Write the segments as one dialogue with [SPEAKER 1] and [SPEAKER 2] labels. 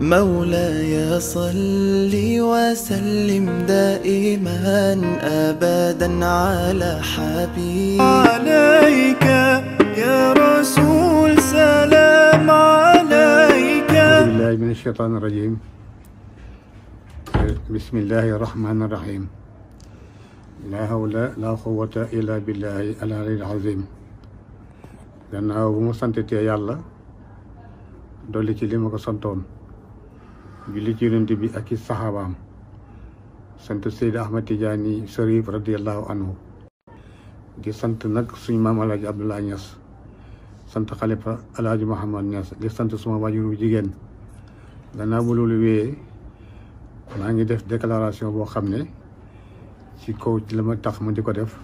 [SPEAKER 1] مولاي صل وسلم دائما ابدا على حبيب عليك يا رسول سلام عليك بسم بالله من الشيطان الرجيم بسم الله الرحمن الرحيم لا حول لا قوة إلا بالله العلي العظيم لانه bu ma santitee دولي dolli ci li julli ci yonent bi ak i saxaabaam sant Seydi Ahmad Tijaani Sharif radiallahu anhu di sant nag suñu maam alaaji Abdoulaye Niass sant xalifa alaaji Mouhamad Niass di sant suma waajuru jigéen gannaaw bu loolu wéyee maa ngi def déclaration boo xam ne ci kaw ci la ma tax ma di ko def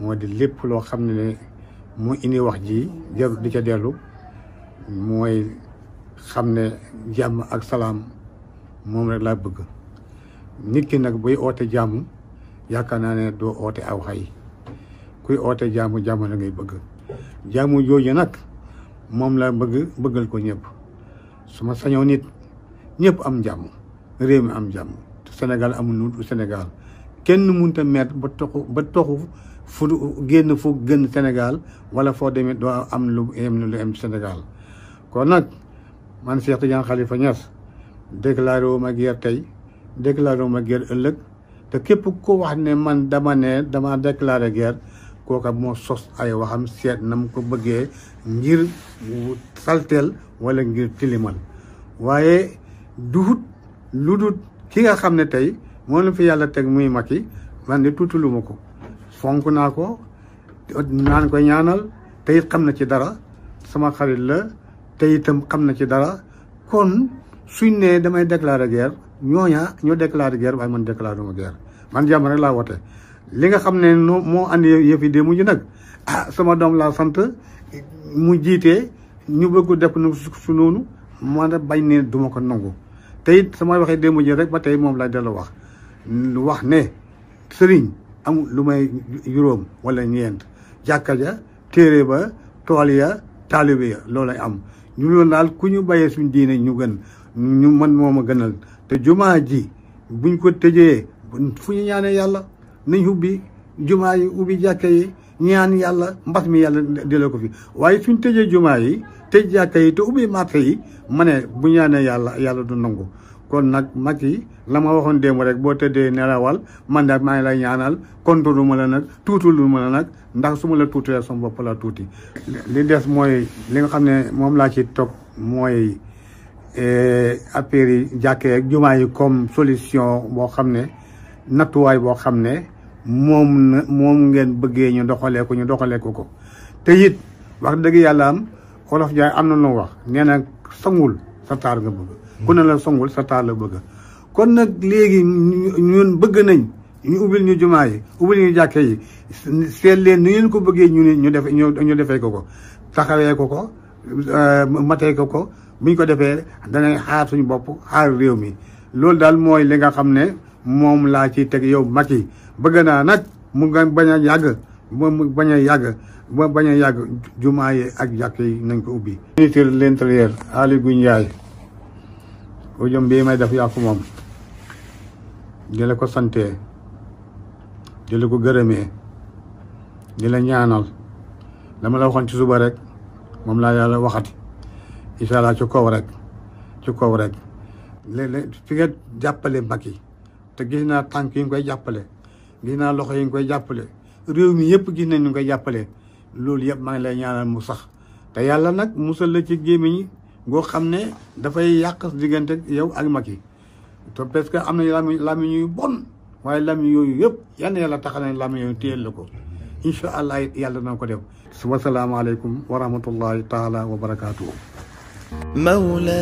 [SPEAKER 1] moo di lépp loo xam ne moo indi wax ji jarut di ca dellu mooy xam ne jàmm ak salaam moom rek laa bëgg nit ki nag buy oote jàmm yaakaar naa ne doo oote aw xay kuy oote jàmm jàmm la ngay bëgg jàmm jooju nag moom laa bëgg bëggal ko ñëpp su ma sañoo nit ñëpp am jàmm réew mi am jàmm te Sénégal amul nu Sénégal kenn munta a met ba toxu ba toxu fu génn fu gën Sénégal wala foo demee doo am lu yem lu yem Sénégal kon nag man Cheikh Tidiane Khalifa Niass déclaré wu ma guerre tey déclaré wu ma guerre ëllëg te képp ku wax ne man dama ne dama déclaré guerre kooka moo sos ay waxam seet na mu ko bëggee ngir salteel wala ngir tilimal waaye duhut lu dut ki nga xam ne tey moo la fi yàlla teg muy Macky man de tuutulu ko fonk naa ko naan ko ñaanal tey xam na ci dara sama xarit la tey itam xam na ci dara kon suñ nee damay déclarer guerre ñooña ñoo déclarer guerre waaye man déclarer ma guerre man jàmm rek laa woote. li nga xam ne noo moo andi yëf yi de mujj nag ah sama doom laa sant mu jiitee ñu bëgg def nu su noonu man a bañ ne duma ko nangu te it sama waxee démb ji rek ba tey moom laa delloo wax lu wax ne sëriñ amul lu may juróom wala ñeent jàkka ja téere ba tool ya taalibe ya loolay am ñu loolu daal ku ñu bayee suñ diine ñu gën ñu man moom a gënal te jumaa ji buñ ko tëjee fu ñu ñaanee yàlla nañ ubbi jumaa yi ubbi jàkka yi ñaan yàlla mbas mi yàlla delloo ko fi waaye suñ tëjee jumaa yi tëj jàkka yi te ubbi marché yi ma ne bu ñaanee yàlla yàlla du nangu kon nag Macky la ma waxoon démb rek boo tëddee nelawal man de maa ngi lay ñaanal kontuuru ma la nag tuutulu ma la nag ndax su ma la tuutee sama bopp la tuuti. li des mooy li nga xam ne moom laa ci toog mooy eh, affaire yi jàkkee ak jumaa yi comme solution boo xam ne nattuwaay boo xam ne moom na moom ngeen bëggee ñu doxalee ko ñu doxalee ko ko te it wax dëgg yàlla am Wolof Njaay am na lu wax nee na sangul. sa taar nga bëgg ku ne la songul sa taar la bëgg kon nag léegi ñun bëgg nañ ñu ubbil ñu jumaa yi ubbil ñu jàkke yi seet leen ni ngeen ko bëggee ñu ñu def ñu defee ko ko taxawee ko ko euh, matee ko ko buñ ko defee danañ xaar suñu bopp xaar réew mi loolu daal mooy li nga xam ne moom laa ci teg yow mag yi bëgg naa nag mu nga bañ a yàgg ba mu bañ a yàgg ba bañ a yàgg jumaa yi ak jàkk yi nañ ko ubbi. ministre de l'intérieur Aly Ngouille Ndiaye audio bii may def yaa moom di la ko santee di la ko gërëmee di la ñaanal dama la waxoon ci suba rek moom laa yàlla waxati incha ci kaw rek ci kaw rek léeg-léeg fi nga jàppale mag yi te gis naa tànk yi nga koy jàppale gis naa loxo yi nga koy jàppale réew mi yëpp gis nañu nga jàppale loolu yëpp maa ngi lay ñaanal mu sax te yàlla nag musal la ci gémmiñ goo xam ne dafay yàq diggante yow ak mag yi te parce que am na làmmiñ làmmiñ yu bon waaye làmmiñ yooyu yëpp yan yàlla tax na làmmiñ yooyu téyel la ko incha allah yàlla na ko def wasalaamaaleykum wa rahmatullahi taala wa barakaatuhu mawla